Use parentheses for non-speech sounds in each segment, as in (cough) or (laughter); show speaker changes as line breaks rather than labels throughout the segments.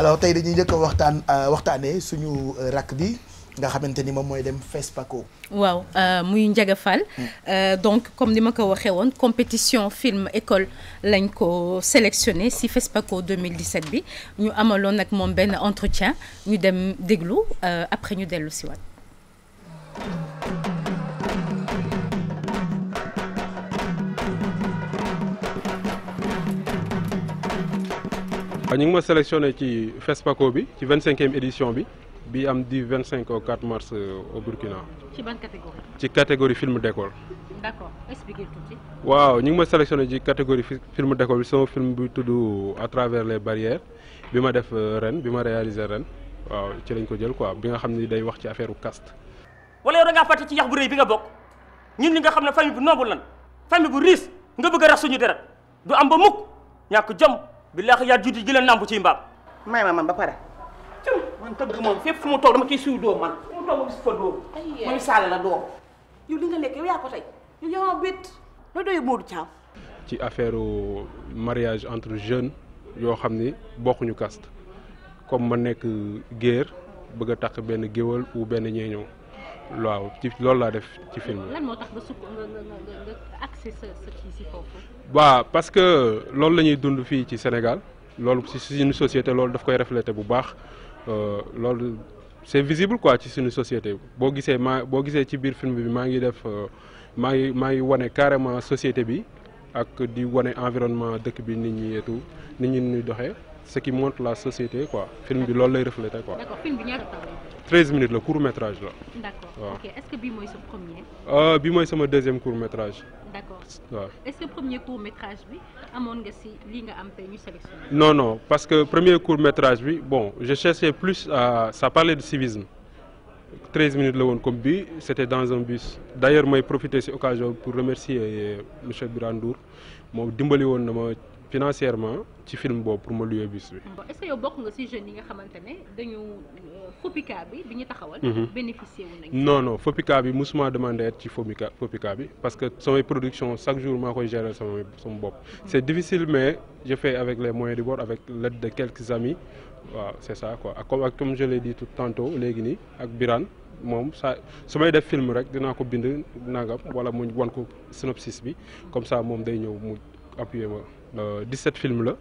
alors tey dañuy njëkk a waxtaan euh, waxtaanee suñu euh, rakk bi nga xamante ni moom mooy dem FESPACO.
waaw euh, muy Ndiaga Fall. Mm. donc comme ni ma ko waxee woon compétition film école lañ ko sélectionné si FESPACO 2017 bi ñu amaloon nag moom benn entretien ñu dem déglu après ñu dellu si waat.
waaw ñu ngi ma sélectionné ci FESPACO bi ci vingt cinquième édition bi bi am di vingt cinq au quatre mars euh, au Burkina.
ci ban catégorie.
ci catégorie film d'école. waaw ñu ngi ma sélectionné ci catégorie film d'école bi sama film bi tudd à travers les barrières bi ma def euh, ren bi ma réaliser ren waaw ci lañ ko jël quoi bi nga xam ni day wax ci affaire caste.
wala yow da ngaa fàtte ci yax bu rëy bi nga bokk ñun ñi nga xam ne famille bu noble lan famille bu riche nga bëgg a rax suñu deret am ba mukk ñàkk jom. billaahi yaa juuti ji la nàmp ci mbaam. may ma man ba pare. cëm man tëgg moom fépp fu mu toog dama ciy suy doom man fu mu toog ma gis fa doom. ma bett loo
ci affaire mariage entre jeunes yoo xam ni bokkuñu kast comme ma nekk géer bëgg a taq benn géwal ou benn ñeeñoo. waaw ci loolu laa def ci film lan moo waaw parce que loolu la ñuy dund fii ci Sénégal loolu si suñu société loolu daf koy refléter bu baax euh, loolu c'est visible quoi ci suñu société boo gisee maa boo gisee ci biir film bi maa ngi def euh, maa ngi maa ngi wane carrément société bi ak di wane environnement dëkk bi nit ñi et tout nit ñi ñuy doxee ce qui montre la société quoi film bi loolu lay refléter quoi. treize minutes la court métrage la.
d'accord mooy sa premier.
Euh, bii mooy sama deuxième court métrage. d'accord waaw
est-ce premier court métrage bi amoon nga si lii nga am tey
non non parce que premier court métrage bi bon je cherchais plus à ça parlait de civisme. 13 minutes la woon comme bii c'était dans un bus d'ailleurs may profiter ci occasion pour remercier monsieur Birane Ndour moom dimbali woon na financièrement ci film boobu pour ma loué bus bi.
bon est-ce que yow bokk nga ci jeunes yi nga xamante ne dañu euh, Fopica bi bi ñu taxawal. Mhm. bénéficié wu
nañu. bi mosuma demandé être ci Fopica Fopica bi parce que samay production chaque jour ma koy gérer sama sama bopp. Mhm. c'est difficile mais je fais avec les moyens du bord avec l'aide de quelques amis waaw c'est ça ak comme ak comme je l'ai dit tout tantôt léegi nii ak Birane moom sa su may def film rek dinaa ko bind nangam wala mu wan ko synopsis bi comme ça moom day ñëw mu. appuyé ma 17 euh, films la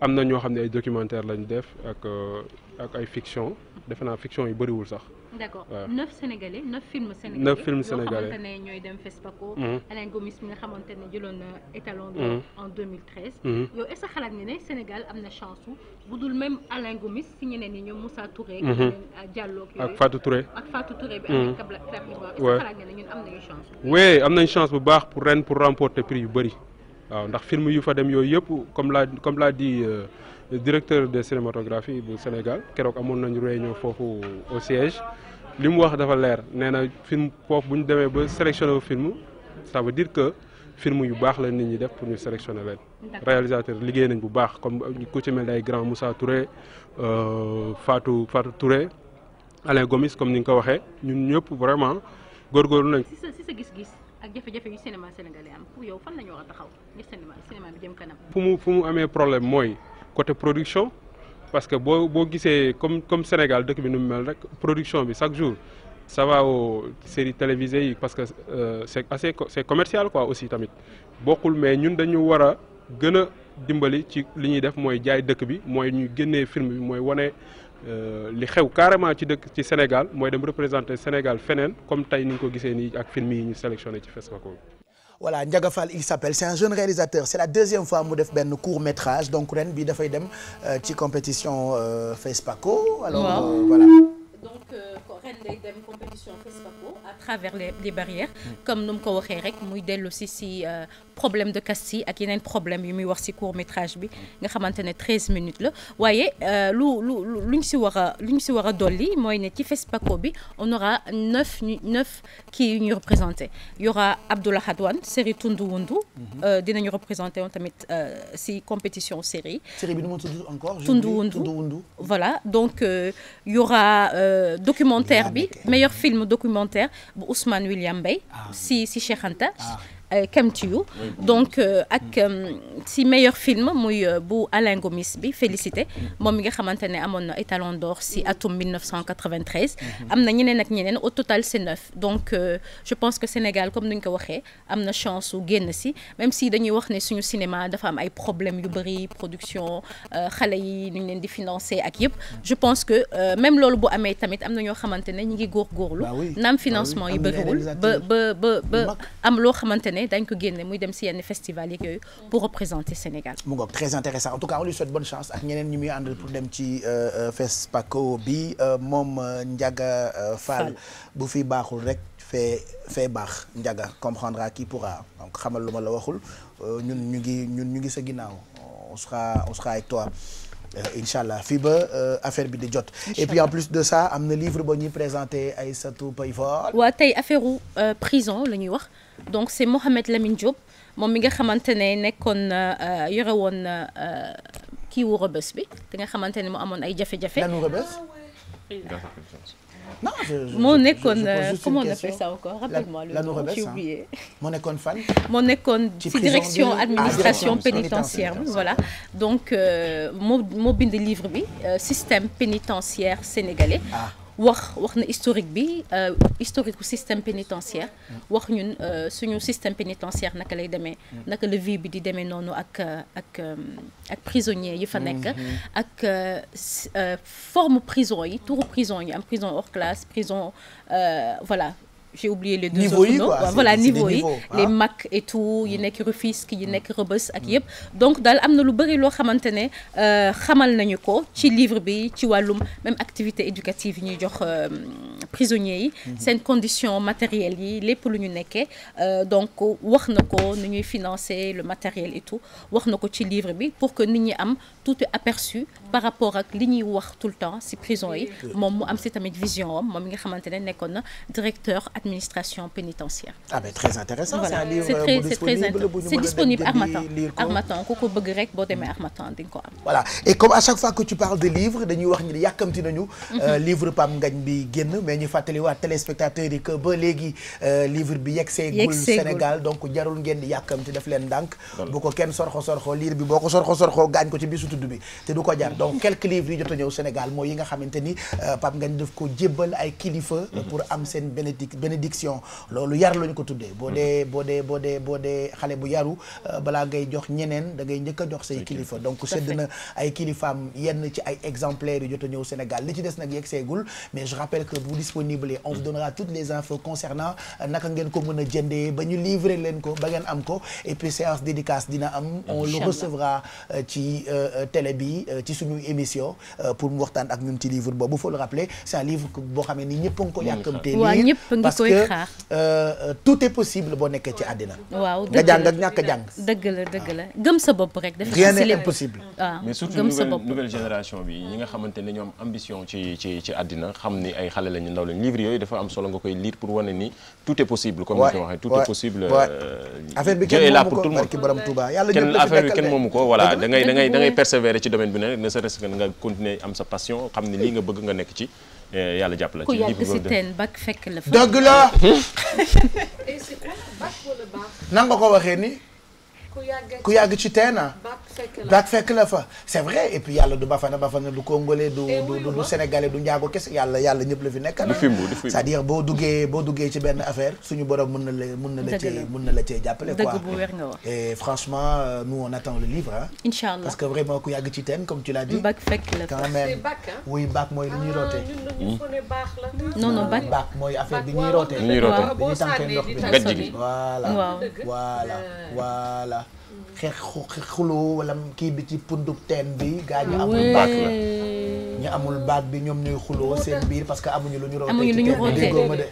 am na ñoo xam ne ay documentaire lañ def ak euh, ak ay fiction defe naa fiction yu bëriwul sax. d'accord
neuf sénégalais neuf films sénégalais neuf films sénégalais yoo xamante ne ñooy dem FESPACO. Mm-hmm. Alain Gomis mi nga xamante ne jëloon na étalon bi mm-hmm. en 2013. Mm-hmm. xalaat nga ne Sénégal am na chance bu dul même Alain Gomis si ñeneen ñi ñoom Moussa Touré. ak euh, Diallo ak ak Fatou Touré bi. am nañ xalaat
nga ne am nañu chance. chance bu baax pour ren pour remporter prix yu bëri. waaw ndax film yu fa dem yooyu yëpp comme laa comme laa di euh, directeur de cinématographie bu Sénégal keroog amoon nañu réunion foofu au li mu wax dafa leer nee na film foofu bu ñu demee ba sélectionné film ça veut dire que film yu baax la nit ñi def pour ñu sélectionné leen. réalisateur liggéey nañ bu baax comme ku ci mel ay grand Moussa Touré euh, faatu Fatou Touré Alain Gomis comme ni nga ko waxee ñun ñëpp vraiment góorgóorlu nañ.
si ak jafe-jafe yu cinéma sénégalais am pour yow fan
fu mu fu mu amee problème mooy côté production parce que boo boo gisee comme comme Sénégal dëkk bi nu mu mel rek production bi chaque jour ça va aux séries yi parce que euh, c'est assez c'est commercial quoi aussi tamit bokkul mais ñun dañu war a gën a dimbali ci li ñuy def mooy jaay dëkk bi mooy ñu génnee film bi mooy wane. Euh, li xew carrément ci dëkk ci Sénégal mooy dem représenter Sénégal feneen comme tey ni ñu ko gisee nii ak film yi ñu sélectionné ci FESPACO bi.
voilà Ndiaga Fall il s'appelle c'est un jeune réalisateur c'est la deuxième fois mu def benn court métrage donc ren bi dafay dem euh, ci compétition euh, FESPACO alors voilà.
dem compétition
FESPACO à travers les barrières mm. comme nu mu ko waxee rek muy dellu si si euh, problème de casse yi ak yeneen problème yu muy wax si court métrage bi mm. nga xamante ne treize minutes la waaye euh, lu lu lu ñu si war a lu ñu si war a dolli mooy ne ci FESPACO bi on aura neuf ñu neuf kii yu ñu représenté y aura Abdoulaye Hadouane série Tundu dina dinañu représenté woon tamit euh, si compétition série série bi nu mu tudd encore Tundu Wundu voilà donc y aura documentaire bi meilleur film documentaire bu Ousmane William Mbaye ah. si si Cheikh Anta ah. Euh, Come to You donc euh, ak euh, si meilleur film muy bu Alain Gomis bi félicité moom mi nga xamante ne amoon na étalon d'or si atum 1993 mhm. am na ñeneen ak ñeneen au total c'est neuf donc je pense que Sénégal comme nuñ ko waxee am na chance su génn si même si dañuy wax ne suñu cinéma dafa am ay problèmes yu bëri production xale yi nuñ leen di financer ak yëpp je pense que même loolu bu amee tamit am na ñoo xamante ne ñi ngi góorgóorlu naam financement yi bëriwul ba ba ba année dañ ko génne muy dem si yenn festival yeeg yooyu pour représenter Sénégal
mu ngoog très intéressant en tout cas on lui souhaite bonne chance ak ñeneen ñi muy àndal pour dem ci euh, euh, FESPACO bi euh, moom Ndiaga Fall bu fi baaxul rek fee fee baax Ndiaga comprendra pour a donc xamal lu ma la waxul ñun ñu ngi ñun ñu ngi sa ginnaaw on sera on sera avec toi allah fii ba affaire bi di jot. et puis en plus de ça am na livre boo ñuy présenté Aïssatou Payfal.
waaw tey affaire prison la ñuy wax. donc c' est Mohamed Lamine Diop moom mi nga xamante ne nekkoon euh, euh, yore woon euh, kii wu rëbës bi da nga xamante ne mu amoon ay jafe-jafe. Ah, non je je moo nekkoon comment on appelle ça encore rappelle-moi le nom j'ai oublié. moo nekkoon fan. moo nekkoon ci direction administration ah, pénitentiaire bi voilà. donc moo moo bind livre bi système pénitentiaire sénégalais. Ah. wax wax na historique bi euh, historique bu système pénitentiaire wax ñun euh, suñu système pénitentiaire naka lay demee naka la vie bi di demee noonu ak euh, ak ak prisonniers yi fa nekk mhm, mhm. ak forme prison yi touru prison yi am prison hors classe prison voilà j'ai oublié les deux niveau autres noms waaw voilà niveau yi les ah. Mac et yi hmm. nekk Rufisque yi hmm. nekk Rebeuss ak hmm. yëpp donc dal am na lu bëri loo xamante ne euh, xamal nañu ko ci livre bi ci wàllum même activité éducative yi ñuy jox euh, prisonniers yi mhm. seen condition matérielles yi lépp lu ñu nekkee euh, donc wax na ko nu ñuy financer le matériel et tout wax na ko ci livre bi pour que nit ñi am tout aperçu par rapport ak li ñuy wax tout le temps si prison yi moom mu am si tamit vision am moom mi nga xamante ne nekkoon na directeur administration pénitentiaire ah mais très intéressant voilà c'est très c'est très intéressant c'est disponible Harmattan Harmattan ku ko bëgg rek boo demee am
voilà et comme à chaque de livre dañuy wax ni yàkkamti mhm. euh, livre Pape Ngagne bi génn mais ñu fàttaliwaat téléspectateurs yi que ba léegi euh, livre bi yegg seegul Sénégal donc jarul ngeen di yàkkamti def leen ndànk bu ko kenn sorxo sorxo liir bi boo ko sorxo sorxo gaañ ko ci bisu tudd bi te du ko jar mm-hmm. donc quelques livres yi jot a ñëw Sénégal mooy yi nga xamante ni euh, Pape Ngagne daf ko jébbal ay kilifa mm-hmm. pour am seen bénédic bénédiction loolu yar lañu ko tuddee boo dee mm-hmm. boo dee boo dee boo dee xale bu yaru euh, balaa ngay jox ñeneen da ngay njëkk a jox say kilifa donc sed na ay kilifaam yenn ci ay exemplaires jot ñëw Sénégal li ci des nag yegg seegul disponible et on donnera toutes les infos concernant euh, naka ngeen ko mën a jëndee ba ñu livrer leen ko ba ngeen am ko et séance dédicace dina am on le recevra euh, ci euh, télé bi ci suñu émission pour mu waxtaan ak ñun ci livre boobu faut le rappeler c'est un boo xam ni ñëpp a ko yàkkamtee lire parce
nga jàng ak
ñàkk ñoom ambition ci àddina xam ni ay xale lañu ndaw ndaw lañ yooyu dafa am solo nga koy lire pour wane ni tout est possible comme ni ko waxee tout est possible euh, affaire bi kenn moomu ko barki borom Touba ci domaine bi ne nga continuer am sa passion xam ne lii nga bëgg nga nekk ci euh, yàlla jàpp la ci livre si
la fa (laughs) ko waxee ni
ku yàgg ci teena baak
fekk la fa c'est vrai et yàlla du bafana bafana du congolais du du du sénégalais du njaago kese yàlla yàlla ñëpp la fi nekk na ah. c'est-à-dire boo duggee boo ci benn affaire su borom mën na la mën na la cee e na la cee jàppale quoi et franchement euh, nous on attend le livre ah inchallah parce que vraiment ku yàgg ci teen comme tu l'as dit baak
fekk la fa quand même
ñuy ah, rootee
hmm. non non baak
baak mooy affaire bi ñuy rootee dañuy tànkee ndox bi voilà voilà xeex xeex xuloo wala kii bi ci pundub teen bi gaa ñu amul baat la ñu amul baat bi ñoom ñuy xuloo seen biir parce que amuñu lu ñu rootee amuñu lu ñu rootee déggoo ma de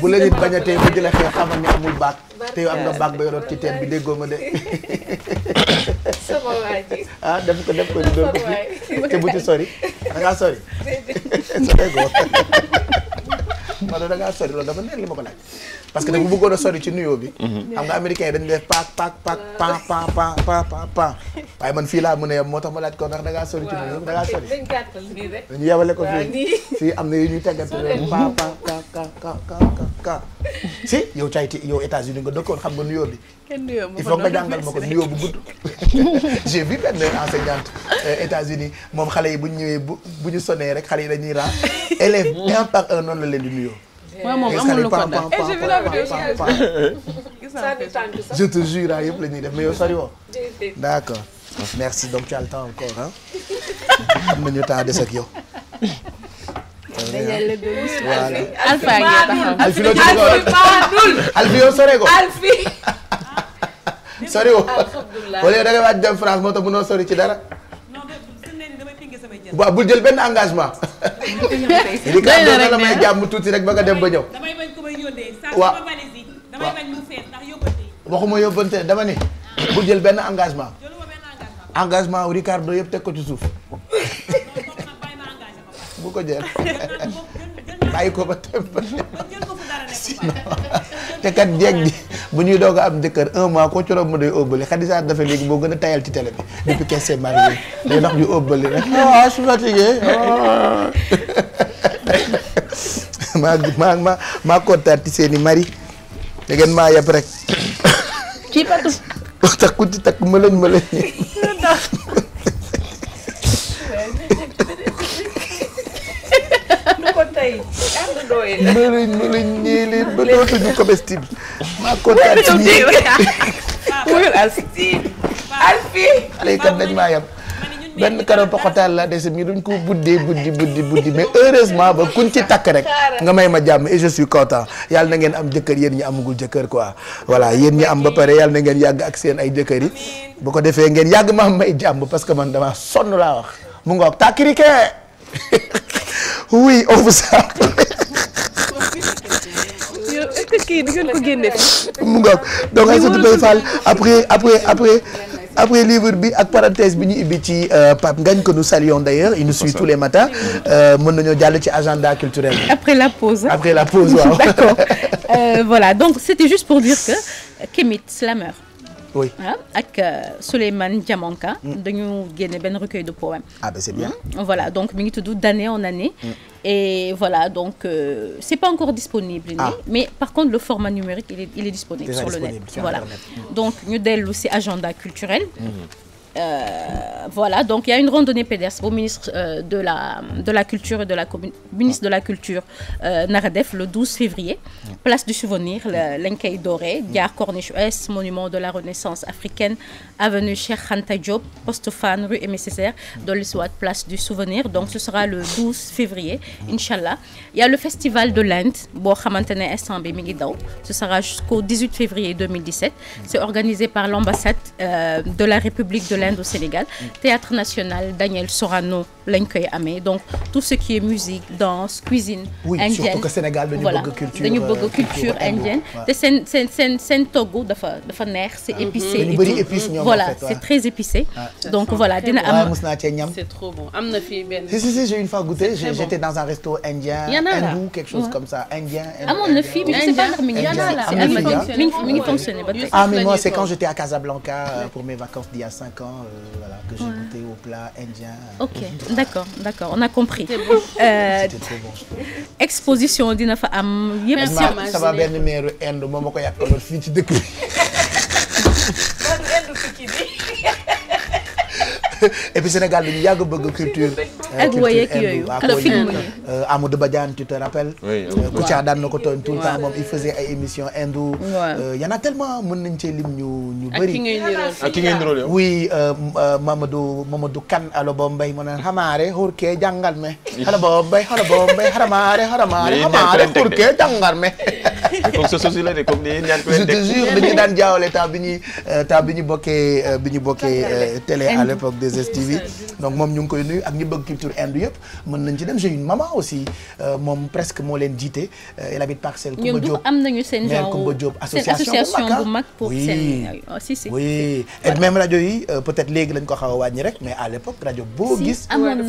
bu (laughs) la nit bañatee bu jëlee xeex xamal ne amul baat te yow am nga baat ba yoroot ci teen bi (laughs) déggoo ma de (laughs) ah def ko def ko di doon ko fi te bu ci sori da sori sori ko Maodo da ngaa sori loolu dafa neex li ma ko laaj. parce que dafa bëggoon a sori ci nuyoo bi. xam nga américain yi dañu def paak paak paak paak paak paak paak waaye man fii laa mën a yem moo tax ma laaj ko ndax da ngaa sori ci nuyoo da ngaa sori.
dañu yebale ko fii
fii am na yu ñuy teggante paak paak ka ka ka ka (laughs) si yow Tahiti yow États-Unis nga dëkkoon xam nga nuyoo bi.
kenn nuyoo il faut nga jàngal ma ko
nuyoo bu gudd. (laughs) j'ai vu benn enseignante euh, états moom xale yi bu ñu ñëwee bu bu ñu sonnee rek xale yi dañuy ra élève un par un noonu la leen di nuyoo. waaw moom amul lu ko la ñuy def mais yow sori woo. merci donc tu as le temps encore ah. (laughs) am nañu temps des ak yow.
Alpha Alphi loo ci yow
sore ko Alphi. (laughs) sori woo wala da ngay dem France moo tax mënoo sori ci dara. waaw bul jël benn engagement. li (laughs) ka may jàmm tuuti rek ba nga dem ba ñëw. waaw waxuma yóbbante dama ni. bul jël benn engagement. engagement wu Ricardo yëpp teg ko ci suuf. (laughs) bu ko jël (laughs) bàyyi ko ba tëb (laughs) te kat jeeg ji bu ñuy doog a am jëkkër un mois koo coroom mu day óbbali xadisaat dafa léegi boo gën a tayal ci télé bi depuis qu'elle s'est day ndax ñu óbbali rek
(laughs)
ah je seeni mari da ngeen maa yeb rek ci patu takk mëlëñ mëlëñ
doy la mënuñ mënuñ ba dootuñu
comestible maa kontaan ci ñii (laughs) wuyul Alfi Alfi xale dañ maa yem benn karo poxotaan laa dese mi duñ ko buddi buddi buddi buddi mais heureusement ba kuñ ci takk rek nga may ma jàmm et je suis content yàlla na ngeen am jëkkër yéen ñi amagul jëkkër ko voilà yéen ñi am ba pare yàlla na ngeen yàgg ak seen ay jëkkër yi bu ko defee ngeen yàgg ma am may jàmm parce que man dama sonn laa wax mu ngoog tàkkirike (laughs) oui on vous
yow est-ce que kii di ngeen ko génne fi.
mu ngoog donc Aïssatou Mbaye Fall après après après. après livre bi ak parenthèse bi ñu ibbi ci euh, Pape Ngagne que nous saluons d'ailleurs il nous suit tous les matins euh, mën nañoo jàll ci agenda culturel après la pause après la pause (laughs) waaw d'accord
euh, voilà donc c'était juste pour dire que Kémit Slameur oui ak euh, Souleymane Diamanka. Mm. dañu génne benn recueil de poèmes.
ah ben c'est bien. Mm.
voilà donc mi ngi tudd d'année en année. Mm. et voilà donc euh, c'est pas encore disponible. Ah. mais par contre le format numérique il est il est disponible. sur le net voilà. donc ñu dellu ci agenda culturel. Mm-hmm. Euh, voilà, donc il y a une randonnée pédestre euh, de, la, de la Culture la commune, ministre de la Culture euh, Naradef le 12 février, place du souvenir, l'Enkei Doré, gare Corniche Ouest, monument de la Renaissance africaine, avenue Cheikh Khanta Diop, Postofan, rue MSSR, Donc ce sera le 12 février, Inch'Allah. Il y a le festival de l'Inde, ce sera jusqu'au 18 février 2017. C'est organisé par l'ambassade euh, de la République l'Inde au Sénégal théâtre national Daniel Sorano lañ koy amee donc tout ce qui est musique danse cuisine oui, indienne surtout que Sénégal dañu voilà. a culture dañu bëgg euh, culture, culture indienne te seen seen seen seen togg dafa dafa neex c'est mhm. épicé et tout voilà c'est très épicé donc voilà dina am mos
naa cee ñam c'est
trop mais je sais pas ah, mais moi c'est
Casablanca euh, pour mes vacances d'il y a cinq ans restaurant euh, voilà, que j'ai ouais. Euh, ok, d'accord, on a compris. C'était bon. Euh,
dina fa am yëpp. sama benn
meeru Inde moom ma ko yàqaloon fii ci dëkk bi. (laughs) (laughs) et puis Sénégal dañu yàgg bëgg culture. Euh, ak woy ak yooyu ak film yi Amadou Badiane tu te rappelles. Euh, na ko tooñ tout le temps moom il faisait ay émissions hindou. Euh, y en a tellement mën nañ cee lim ñu ñu bëri. ak ki ngay nirool ah, yow. Oh. oui Mamadou Mamadou Kane alo boo mbay mu naan xamaare xurkee jàngal me. alo boo mbay alo boo mbay xaramaare jàngal me. (laughs) comme sa sosi la de daan jaawale temps bi ñuy bi ñu bokkee bi ñu bokkee télé à l'époque de 2STV donc moom ñu ngi koy nuyu ak ñi bëgg culture inde yëpp mën nañ ci dem j'ai une maman aussi euh, moom presque moo leen jiite euh, elle habite parcelle Koumba Diop
am nañu seen genre Koumba Diop association bu mag
yi euh, peut-être léegi ko xaw a wàññi rek mais à l'époque boo gis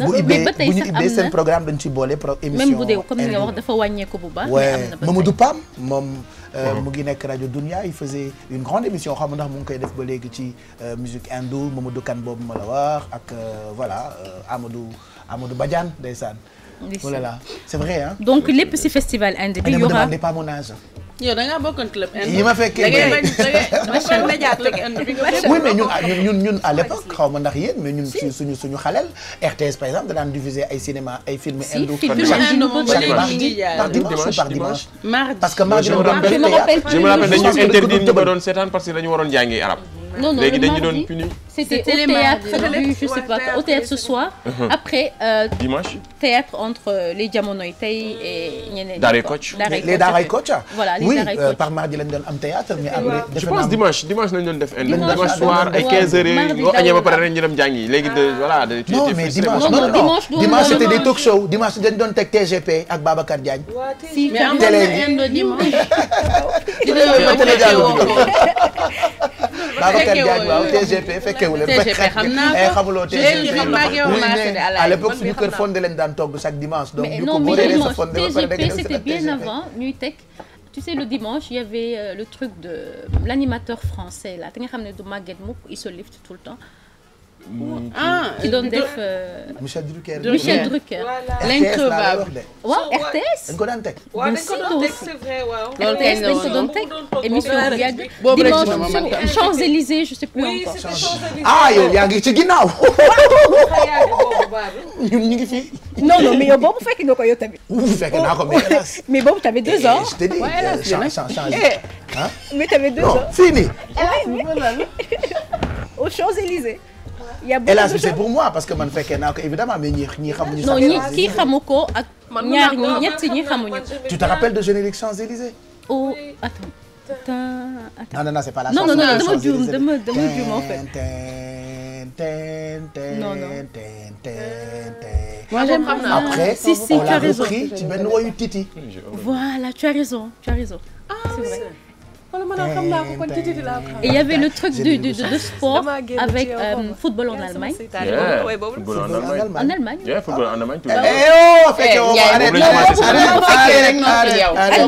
bu ibbee bu ñu ibbee seen programme dañ ci boole émission bu dee comme ni nga wax
dafa wàññeeku bu baax
Mamadou Pam moom Euh, mhm. mu ngi nekk rajo Dunia il faisait une grande émission xam ndax mu ngi koy def ba léegi ci euh, musique indo Mamadou Kane boobu ma la wax ak euh, voilà Amadou Amadou Badiane ndeysaan. ndeysaan voilà oh c'est vrai hein. donc lépp
ci festival indi bi y aura ne me demandez pas mon âge. yow da ngaa bokkoon club yi ma
fekkee oui mais ñun ñun ñun l'époque xaw ma ndax yéen mais ñun ci suñu suñu xaleel RTS par exemple da daan diffuser ay cinéma ay films indo
dimanche par dimanche parce que mardi je me rappelle dañu interdit
ñu ko doon seetaan parce que dañu waroon jàngi arab
non non léegi dañu doon puni. c'était au théâtre du je sais pas au théâtre ce soir. Uh-huh. après. Euh, dimanche. théâtre entre euh, les jamonoy tey et ñeneen. Daaray Kocc les Daaray Kocc voilà les Daaray euh, Kocc oui
par mardi lañu doon am théâtre
mais après. je pense dimanche dimanche lañu doon def. dimanche soir ay 15h boo añee ba pare ren ñu dem jàngi léegi de voilà. non mais dimanche non non dimanche c'était des
talk show dimanche dañu doon teg TGP ak Babacar Diagne.
si mais am na (laughs) dimanche.
(laughs) Babacar Diagne waaw TGP fekkewu leen. TGP xam naa eh, ko xamuloo TGP à l'époque suñu kër fonde leen daan togg chaque dimanche. donc ñu ko booree
sa fonde ba pare TGP c'était bien avant
ñuy teg. tu sais le dimanche il y avait euh, le truc de l'animateur français là te nga xam ne du màgget mukk il se lifte tout le temps.
ah ki doon def. monsieur Drucker monsieur Drucker.
l'increvable waaw RTS. dañ ko
daan teg. waaw dañ ko doon teg
c'est vrai waaw. RTS dañ ko doon teg émission bu yàgg. boobu rek dina ma Champs-Élysées je sais plus encore. ah yow
yaa ngi ci ginnaaw.
(laughs) ñun ñu ngi fi. non non mais yow boobu fekk nga ko yow tamit.
fekk naa ko mais
hélas. (laughs) mais boobu tamit deux ans. Eh, je te dis eh, eh, mais tamit deux ans. fii nii. (laughs) aux Champs-Élysées. hélas bi c'est
pour moi parce que man fekkee naa ko évidemment mais ñi ñi xamuñu. non ñi kii
xamu ko ak ñaar ñi ñett ñi xamuñu. tu te rappelles
de générique Champs-Élysées.
oh attends attends.
non non non c'est pas la chanson. non non dama juum dama dama juum en fait. non non. moi j'aime xam naa après si, si, on l'a repris ci benn woyu Titi.
voilà tu as raison tu as raison. ah c'est vrai. Il y avait le truc du, du, de, de sport avec euh, football en Allemagne.
Yeah, football en Allemagne. En Allemagne. en Allemagne. Tout yeah.